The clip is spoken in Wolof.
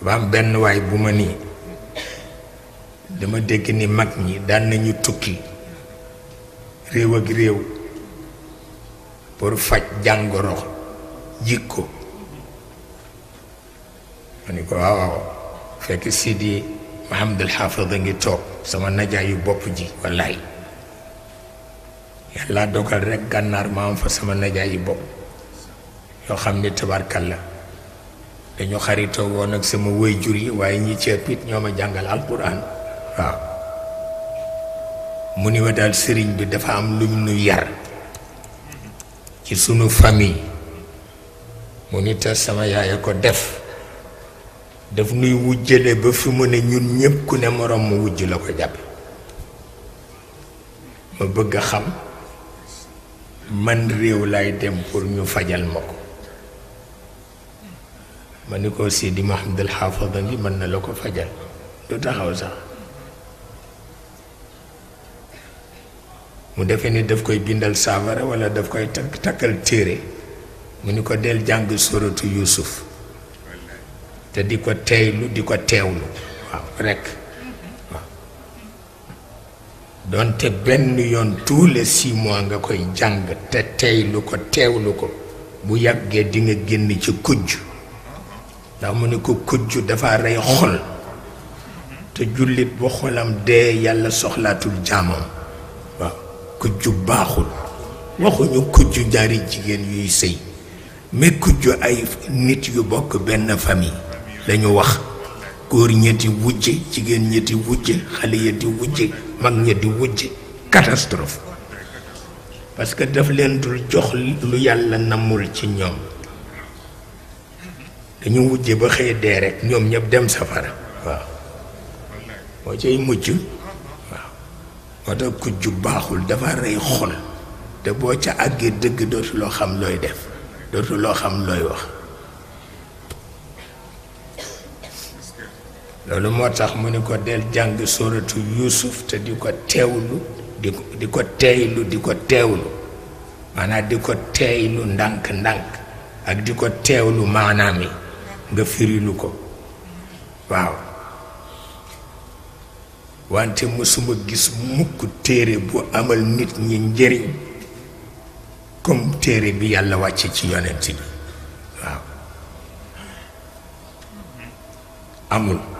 dafa am benn waay bu ma nii dama dégg ni mag ñi daan nañu tukki réew ak réew pour faj jàngoro jikko ma ni ko waaw waaw fekk Sidi Mahamadul Xaafid ngi toog sama najaayu bopp ji wallaay yàlla dogal rekk gànnaar ma am fa sama najaayu bopp yoo xam ni tabarkal la dañu xaritoo won ak sama wayjur yi way ñi ceeb it ñoo alquran wa muni wa dal daal bi dafa am lu ñu yar ci sunu famille muni ta sama yaaya ko def daf nuy wujjele ba fi mu ne ñun ñepp ku ne morom mu wujj la ko japp ma bëgg xam man réew lay dem pour ñu fajal mako ma ni ko Sidi Mahamadul Xaafada mën na la ko fajal lu taxaw sax mu defe ni daf koy bindal saafara wala daf koy takk takkal téere mu ni ko del jàng suratu Yuusuf te di ko teylu di ko teewlu waaw rekk waaw doonte benn yoon tous les six nga koy jàng te teylu ko teewlu ko bu yàggee dinga génn ci kujj ndax mu ne ko kujju dafa rey xol te jullit bu xolam dee yàlla soxlaatul jaamam waaw kujju baaxul waxuñu kujju jaari jigéen yuy sëy mais kujju ay nit yu bokk benn famille lañu wax góor ñetti wujje jigéen ñetti wujje xale yetti wujje mag ñetti wujje catastrophe parce que daf leen dul jox lu yàlla namul ci ñoom dañu wujje ba xëy dee rek ñoom ñëpp dem safara waaw moo cay mujj waaw moo tax ku baaxul dafa rey xol te boo ca àggee dëgg loo xam looy def loo xam looy wax loolu moo tax mu ni ko del jàng sóoratu yuusuf te di ko teewlu di ko di ko teeylu di teewlu maanaam di ko teeylu ndànk ndànk ak di ko teewlu maanaam yi nga firinu ko waaw wante mësuma gis mukk téere bu amal nit ñi njëriñ comme téere bi yàlla wàcce ci yonent bi waaw amul